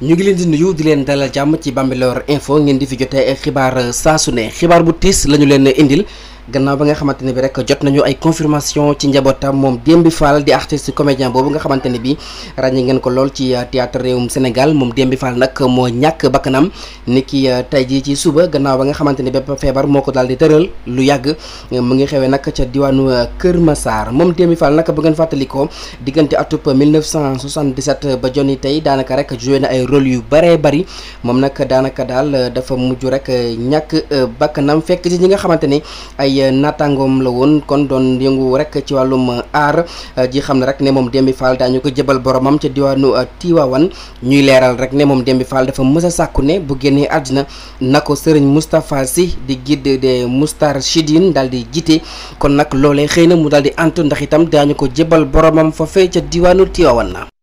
ñu ngi leen di nuyu di leen dalal jàmm ci Bambilor info ngeen di fi jotee xibaar saa su ne xibaar bu tiis lañu leen indil gannaaw ba nga xamanteni bi rek jot nañu ay confirmation ci njabootam mom dembi Fall di artiste comédien bobu nga xamanteni bi ràññee ngeen ko lol ci euh, théâtre réewum Sénégal mom dembi Fall nak mo ñak bakanam niki euh, tay ji ci suba gannaaw ba nga xamanteni ne febar moko moo ko di tëral lu yàgg euh, mu ngi xewé nak ci diwanu keur Massar mom dembi Fall nak bu ngeen fàttalikoo diggante atub 1977 ba joni tay danaka rek joué na ay rôle yu baree bari mom nak danaka dal dafa muju rek ñak bakanam fekk ci ñi nga xamanteni ay ay naataangoom la woon kon doon yëngu rek ci wàllum aar euh, ji xam ne rek ne moom Demby Fall daañu ko jëbal boromam ca diwaanu euh, tiiwaawan ñuy leeral rek ne moom Demby Fall dafa mës a sàkku ne bu génnee àddina na ko sëriñ Moustapha si di guide des Moustarchidine daal di jiite kon nag loolee xëy na mu daal di antu ndax itam daañu ko jëbal boromam foofee ca diwaanu Tiwaawan na